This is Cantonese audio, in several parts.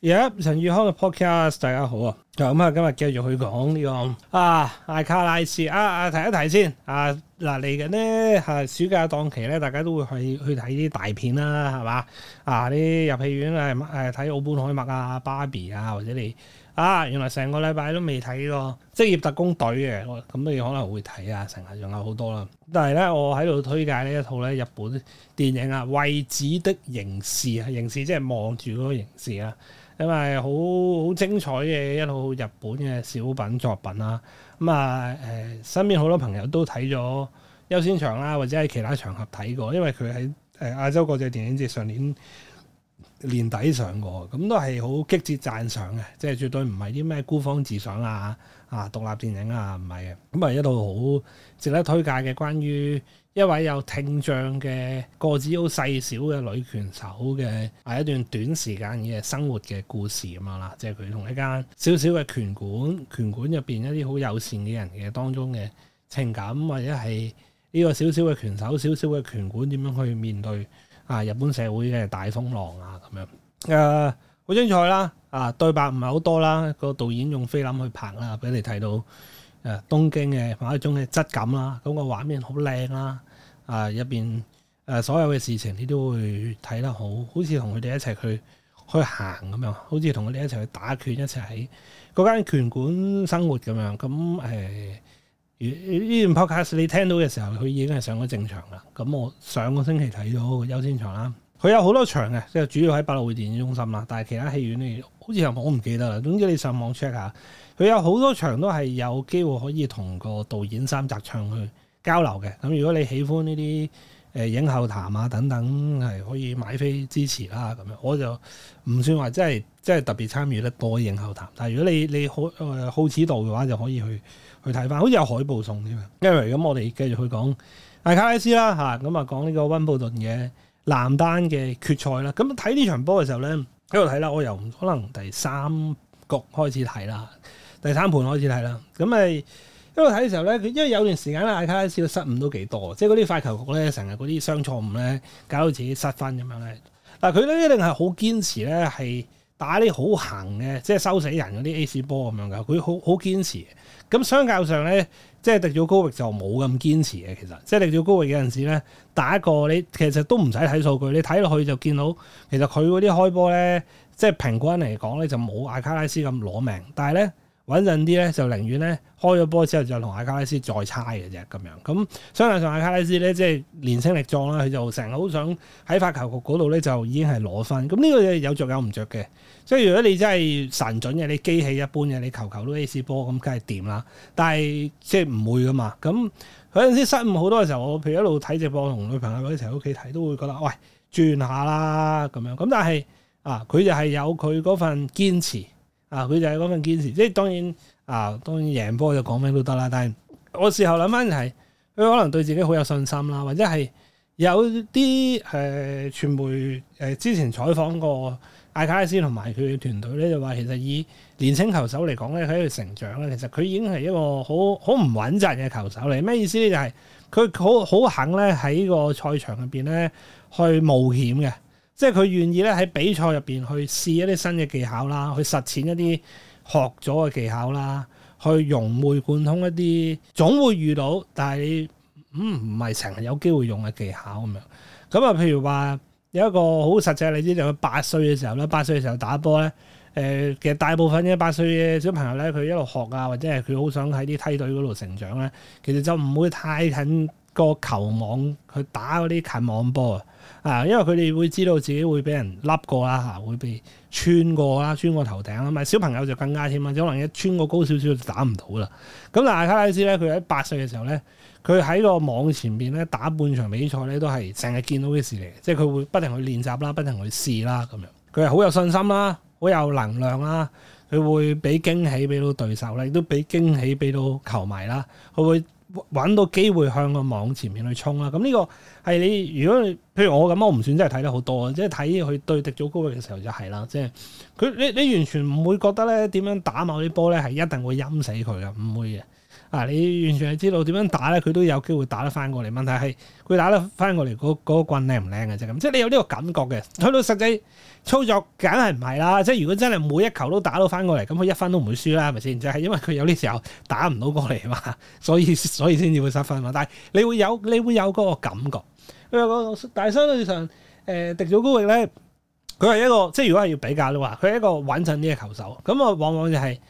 耶陳宇康嘅 podcast，大家好啊！咁啊，今日繼續去講呢個啊，艾卡拉斯啊啊，提一提先啊，嗱嚟緊呢係、啊、暑假檔期咧，大家都會去去睇啲大片啦，係嘛啊啲入戲院啊，誒睇奧本海默啊、芭比啊，或者你啊，原來成個禮拜都未睇過職業特工隊嘅，咁、啊、你可能會睇啊，成日仲有好多啦。但係咧，我喺度推介呢一套咧，日本電影啊，《惠子的凝視》，啊，《凝視》即係望住嗰個凝視啊。因為好好精彩嘅一套日本嘅小品作品啦，咁啊誒身邊好多朋友都睇咗優先場啦，或者喺其他場合睇過，因為佢喺誒亞洲國際電影節上年。年底上過，咁都係好激切讚賞嘅，即係絕對唔係啲咩孤芳自賞啊，啊獨立電影啊，唔係嘅。咁啊，一套好值得推介嘅，關於一位有聽障嘅個子好細小嘅女拳手嘅，係一段短時間嘅生活嘅故事咁樣啦。即係佢同一間少少嘅拳館，拳館入邊一啲好友善嘅人嘅當中嘅情感，或者係呢個少少嘅拳手、少少嘅拳館點樣去面對。啊！日本社會嘅大風浪啊，咁樣誒，好、啊、精彩啦！啊，對白唔係好多啦，個導演用菲林去拍啦，俾你睇到誒、啊、東京嘅某一種嘅質感啦、啊，咁、個畫面好靚啦，啊入邊誒所有嘅事情你都會睇得好，好似同佢哋一齊去去行咁樣，好似同佢哋一齊去打拳，一齊喺嗰間拳館生活咁樣，咁誒。呃呢段 podcast 你聽到嘅時候，佢已經係上咗正場啦。咁我上個星期睇咗優先場啦，佢有好多場嘅，即係主要喺百老匯電影中心啦，但係其他戲院呢，好似我唔記得啦。總之你上網 check 下，佢有好多場都係有機會可以同個導演三澤唱去交流嘅。咁如果你喜歡呢啲。誒影後談啊等等係可以買飛支持啦咁樣，我就唔算話即係真係特別參與得多影後談，但係如果你你好誒、呃、好此道嘅話，就可以去去睇翻，好似有海報送添。e d d 咁我哋繼續去講阿卡拉斯啦嚇，咁啊講呢、嗯、個温布頓嘅男單嘅決賽啦。咁睇呢場波嘅時候咧，喺度睇啦，我由可能第三局開始睇啦，第三盤開始睇啦，咁、嗯、咪。嗯因為睇嘅時候咧，因為有段時間啦，艾卡拉斯嘅失誤都幾多，即係嗰啲快球局咧，成日嗰啲雙錯誤咧，搞到自己失分咁樣咧。嗱，佢咧一定係好堅持咧，係打啲好行嘅，即係收死人嗰啲 ace 波咁樣噶。佢好好堅持。咁相較上咧，即係迪祖高域就冇咁堅持嘅。其實，即係迪祖高域有陣時咧，打一個你其實都唔使睇數據，你睇落去就見到，其實佢嗰啲開波咧，即係平均嚟講咧就冇艾卡拉斯咁攞命，但係咧。穩陣啲咧，就寧願咧開咗波之後，就同阿卡拉斯再猜嘅啫咁樣。咁相對上阿卡拉斯咧，即係年輕力壯啦，佢就成日好想喺發球局嗰度咧，就已經係攞分。咁呢個嘢有着有唔着嘅。即係如果你真係神準嘅，你機器一般嘅，你球球都 A C 波咁，梗係掂啦。但係即係唔會㗎嘛。咁佢有時失誤好多嘅時候，我譬如一路睇直播同女朋友一齊喺屋企睇，都會覺得喂，轉下啦咁樣。咁但係啊，佢就係有佢嗰份堅持。啊！佢就係嗰份堅持，即係當然啊，當然贏波就講咩都得啦。但係我事後諗翻就係，佢可能對自己好有信心啦，或者係有啲誒傳媒誒、呃、之前採訪過艾卡拉斯同埋佢嘅團隊咧，就話其實以年青球手嚟講咧，喺度成長咧，其實佢已經係一個好好唔穩陣嘅球手嚟。咩意思咧？就係佢好好肯咧喺個賽場入邊咧去冒險嘅。即係佢願意咧喺比賽入邊去試一啲新嘅技巧啦，去實踐一啲學咗嘅技巧啦，去融會貫通一啲，總會遇到，但係唔唔係成日有機會用嘅技巧咁樣。咁啊，譬如話有一個好實際嘅例子就係八歲嘅時候咧，八歲嘅時候打波咧，誒、呃、其實大部分嘅八歲嘅小朋友咧，佢一路學啊，或者係佢好想喺啲梯隊嗰度成長咧，其實就唔會太近。個球網去打嗰啲近網波啊！啊，因為佢哋會知道自己會俾人笠過啦，嚇、啊，會被穿過啦，穿過頭頂啦。咪小朋友就更加添啊，可能一穿過高少少就打唔到啦。咁、啊、但係卡拉斯咧，佢喺八歲嘅時候咧，佢喺個網前邊咧打半場比賽咧，都係成日見到嘅事嚟。即係佢會不停去練習啦，不停去試啦咁樣。佢係好有信心啦，好有能量啦。佢會俾驚喜俾到對手啦，亦都俾驚喜俾到球迷啦。佢會揾到機會向個網前面去衝啦，咁呢個係你如果譬如我咁，我唔算真係睇得好多啊，即係睇佢對迪祖高域嘅時候就係、係、啦，即係佢你你完全唔會覺得咧，點樣打某啲波咧，係一定會陰死佢嘅，唔會嘅。嗱、啊，你完全係知道點樣打咧，佢都有機會打得翻過嚟。問題係佢打得翻過嚟嗰個棍靚唔靚嘅啫，咁，即係你有呢個感覺嘅。去到實際操作，梗係唔係啦？即係如果真係每一球都打到翻過嚟，咁佢一分都唔會輸啦，係咪先？即係因為佢有啲時候打唔到過嚟嘛，所以所以先至會失分嘛。但係你會有你會有嗰個感覺，因為嗰但係相對上誒、呃、迪祖高域咧，佢係一個即係如果係要比較嘅話，佢係一個穩陣啲嘅球手。咁啊，往往就係、是。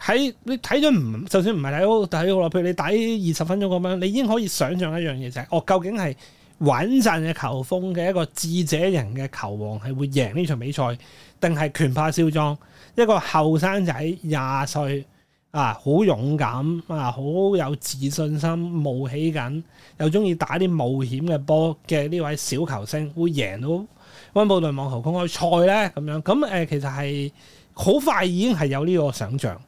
喺你睇咗唔就算唔係睇好睇好啦，譬如你打二十分鐘咁樣，你已經可以想像一樣嘢就係，哦，究竟係穩陣嘅球風嘅一個智者型嘅球王係會贏呢場比賽，定係拳怕少壯一個後生仔廿歲啊，好勇敢啊，好有自信心，冒起緊又中意打啲冒險嘅波嘅呢位小球星會贏到温布頓網球公開賽咧咁樣，咁誒、呃、其實係好快已經係有呢個想像。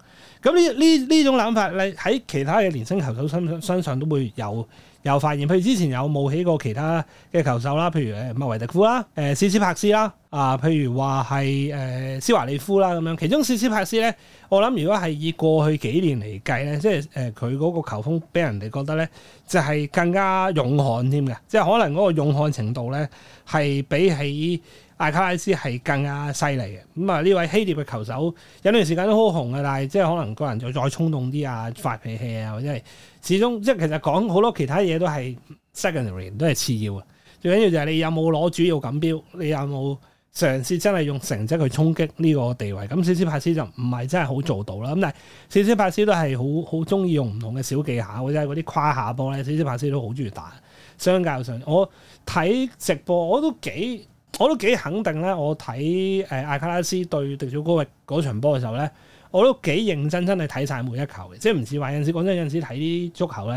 咁呢呢呢種諗法，你喺其他嘅年輕球手身身上都會有有發現。譬如之前有冒起過其他嘅球手啦，譬如誒麥維迪夫啦、誒史斯帕斯啦，啊，譬如話係誒斯華利夫啦咁樣。其中史斯帕斯咧，我諗如果係以過去幾年嚟計咧，即係誒佢嗰個球風俾人哋覺得咧，就係更加勇悍添嘅，即係可能嗰個勇悍程度咧係比起，艾卡拉斯係更加犀利嘅，咁啊呢位希臘嘅球手有段時間都好紅嘅，但係即係可能個人就再衝動啲啊，發脾氣啊，或者係始終即係其實講好多其他嘢都係 secondary，都係次要嘅。最緊要就係你有冇攞主要錦標，你有冇嘗試真係用成績去衝擊呢個地位。咁斯斯帕斯就唔係真係好做到啦。咁但斯斯帕斯都係好好中意用唔同嘅小技巧，或者係嗰啲跨下波咧，斯斯帕斯都好中意打。相較上我睇直播我都幾。我都幾肯定咧，我睇誒艾卡拉斯對迪祖高域嗰場波嘅時候咧，我都幾認真真係睇晒每一球嘅，即係唔似話有陣時講真有陣時睇啲足球咧，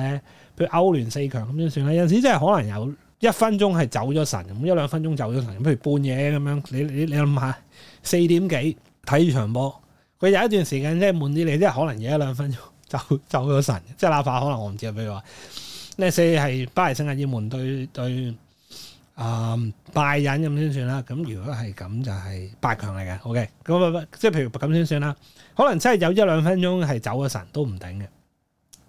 譬如歐聯四強咁樣算啦。有陣時真係可能有一分鐘係走咗神，咁一兩分鐘走咗神，譬如半夜咁樣，你你你諗下四點幾睇場波，佢有一段時間即係悶啲，你即係可能有一兩分鐘就就走走咗神，即係垃圾，可能我唔知，譬如話呢四係巴黎聖日耳門對對。啊、嗯，拜仁咁先算啦。咁如果係咁就係、是、八強嚟嘅。O K，咁即係譬如咁先算啦。可能真係有一兩分鐘係走咗神都唔頂嘅。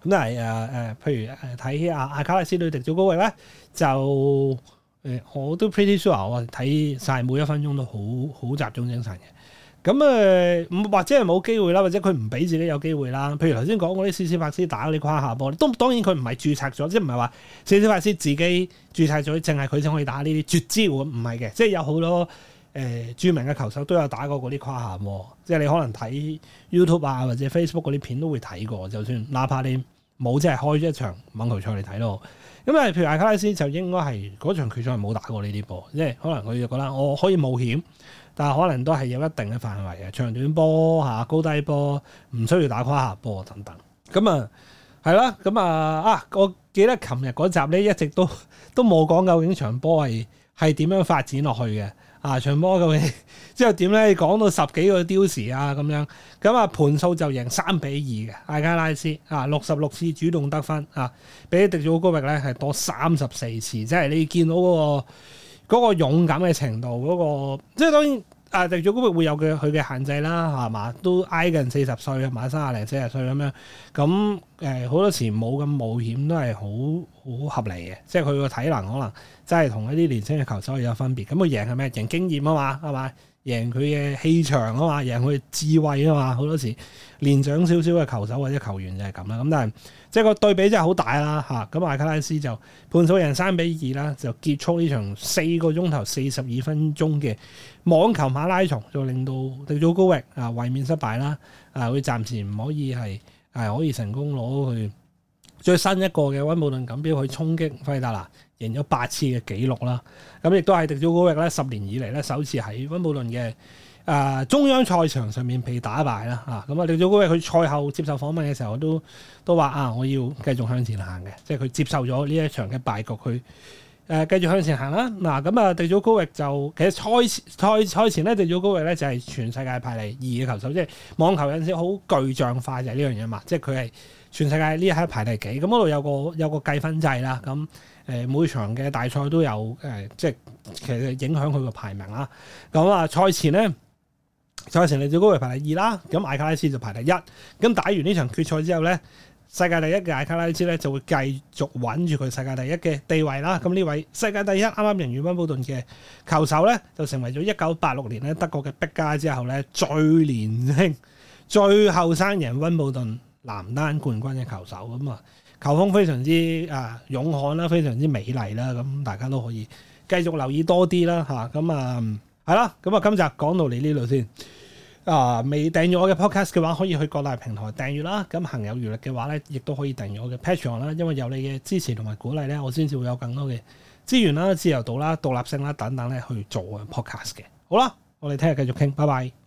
咁啊，誒、呃、誒，譬如誒睇阿阿卡拉斯里迪祖高域咧，就誒、呃、我都 pretty sure 我睇晒每一分鐘都好好集中精神嘅。咁誒、嗯，或者係冇機會啦，或者佢唔俾自己有機會啦。譬如頭先講嗰啲施斯法斯打嗰啲胯下波，都當然佢唔係註冊咗，即係唔係話施斯法斯自己註冊咗，淨係佢先可以打呢啲絕招。唔係嘅，即係有好多誒、呃、著名嘅球手都有打過嗰啲胯下，即係你可能睇 YouTube 啊或者 Facebook 嗰啲片都會睇過。就算哪怕你冇即係開咗一場網球賽嚟睇咯。咁啊，譬如艾卡拉斯就應該係嗰場決賽係冇打過呢啲波，即係可能佢就覺得我可以冒險。但係可能都係有一定嘅範圍嘅，長短波吓、啊、高低波，唔需要打跨下波等等。咁、嗯、啊，係、嗯、啦，咁、嗯、啊、嗯、啊，我記得琴日嗰集咧一直都都冇講究竟場波係係點樣發展落去嘅啊！場波究竟之後點咧？講到十幾個刁時啊咁樣，咁、嗯、啊盤數就贏三比二嘅艾加拉斯啊，六十六次主動得分啊，比迪祖高，高域咧係多三十四次，即係你見到嗰、那個。嗰個勇敢嘅程度，嗰個即係當然，啊迪祖嗰會有佢佢嘅限制啦，係嘛？都挨近三十四十歲，買三十零四十歲咁樣，咁誒好多時冇咁冒險都係好好合理嘅，即係佢個體能可能真係同一啲年輕嘅球手有分別。咁佢贏係咩？贏經驗啊嘛，係咪？贏佢嘅氣場啊嘛，贏佢嘅智慧啊嘛，好多時年長少少嘅球手或者球員就係咁啦。咁但係即係個對比真係好大啦吓。咁、啊、阿、啊、卡拉斯就判數贏三比二啦，就結束呢場四個鐘頭四十二分鐘嘅網球馬拉松，就令到迪祖高域啊衛冕失敗啦。啊，佢暫時唔可以係啊，可以成功攞去最新一個嘅溫布頓錦標去衝擊費達拿。贏咗八次嘅紀錄啦，咁亦都係迪祖高域咧十年以嚟咧首次喺温布頓嘅啊中央賽場上面被打敗啦啊！咁啊，迪祖高域佢賽後接受訪問嘅時候都都話啊，我要繼續向前行嘅，即係佢接受咗呢一場嘅敗局，佢誒繼續向前行啦。嗱咁啊，迪祖高域就其實賽賽賽前呢，迪祖高域咧就係全世界排第二嘅球手，即係網球有陣時好具象化就係呢樣嘢嘛，即係佢係全世界呢一排第幾？咁嗰度有個有個計分制啦，咁、嗯。誒每場嘅大賽都有誒、呃，即係其實影響佢個排名啦。咁啊，賽前咧，賽前李最高位排第二啦，咁艾卡拉斯就排第一。咁打完呢場決賽之後咧，世界第一嘅艾卡拉斯咧就會繼續穩住佢世界第一嘅地位啦。咁呢位世界第一啱啱贏完温布頓嘅球手咧，就成為咗一九八六年咧德國嘅碧加之後咧最年輕、最後生贏温布頓男單冠軍嘅球手咁啊！球風非常之啊勇悍啦，非常之美麗啦，咁、啊、大家都可以繼續留意多啲啦，嚇咁啊，係、嗯、啦，咁啊今集講到你呢度先啊，未訂閱我嘅 podcast 嘅話，可以去各大平台訂閱啦。咁、啊、行有餘力嘅話咧，亦都可以訂閱我嘅 patreon 啦。因為有你嘅支持同埋鼓勵咧，我先至會有更多嘅資源啦、自由度啦、獨立性啦等等咧去做 podcast 嘅。好啦，我哋聽日繼續傾，拜拜。